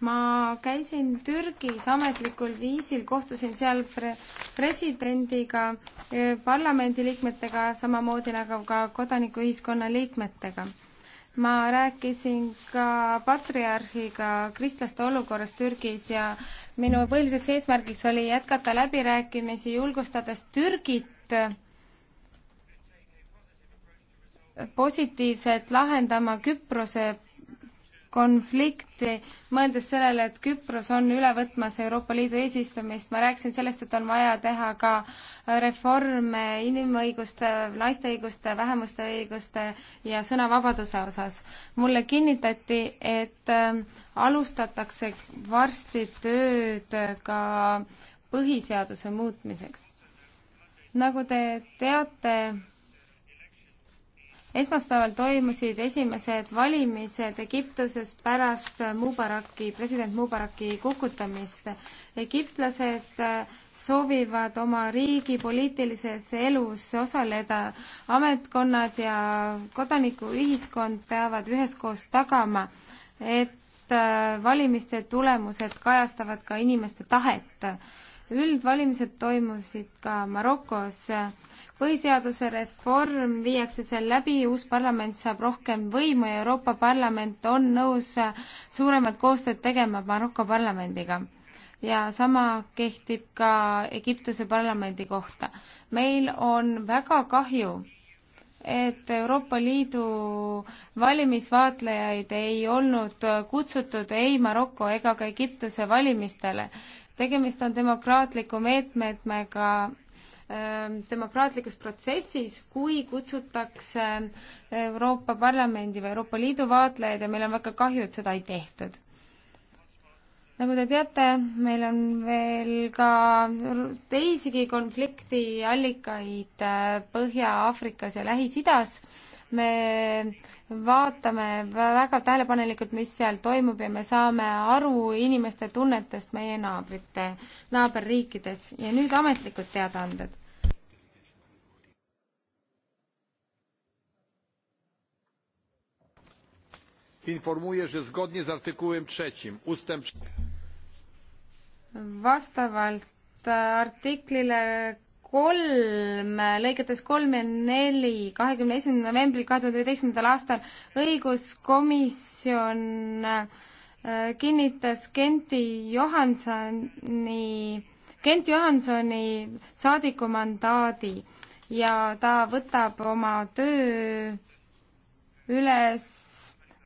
ma käisin Türgis ametlikul viisil, kohtusin seal pre-, presidendiga, e, parlamendiliikmetega, samamoodi nagu ka kodanikuühiskonna liikmetega. ma rääkisin ka patriarhiga kristlaste olukorrast Türgis ja minu põhiliseks eesmärgiks oli jätkata läbirääkimisi, julgustades Türgit positiivselt lahendama Küprose konflikti, mõeldes sellele, et Küpros on üle võtmas Euroopa Liidu eesistumist, ma rääkisin sellest, et on vaja teha ka reforme inimõiguste, naiste õiguste, vähemuste õiguste ja sõnavabaduse osas. mulle kinnitati, et ähm, alustatakse varsti tööd ka põhiseaduse muutmiseks. nagu te teate, esmaspäeval toimusid esimesed valimised Egiptuses pärast Mubaraki, president Mubaraki kukutamist. egiptlased äh, soovivad oma riigi poliitilises elus osaleda. ametkonnad ja kodanikuühiskond peavad üheskoos tagama, et äh, valimiste tulemused kajastavad ka inimeste tahet üldvalimised toimusid ka Marokos. põhiseaduse reform viiakse seal läbi, uus parlament saab rohkem võimu ja Euroopa Parlament on nõus suuremat koostööd tegema Maroko parlamendiga. ja sama kehtib ka Egiptuse parlamendi kohta. meil on väga kahju, et Euroopa Liidu valimisvaatlejaid ei olnud kutsutud ei Maroko ega ka Egiptuse valimistele. tegemist on demokraatliku meetmetega ähm, demokraatlikus protsessis, kui kutsutakse Euroopa Parlamendi või Euroopa Liidu vaatlejaid ja meil on väga kahju, et seda ei tehtud nagu te teate, meil on veel ka teisigi konfliktiallikaid äh, Põhja-Aafrikas ja Lähis-Idas. me vaatame väga tähelepanelikult, mis seal toimub ja me saame aru inimeste tunnetest meie naabrite, naaberriikides ja nüüd ametlikud teadaanded. informuję że zgodnie z artykułem trzy ustęp vastavalt äh, artiklile kolm, lõigetes kolm ja neli, kahekümne esimene novembril kahe tuhande üheteistkümnendal aastal õiguskomisjon äh, kinnitas Kenti Johansoni, Kent Johansoni saadikumandaadi ja ta võtab oma töö üles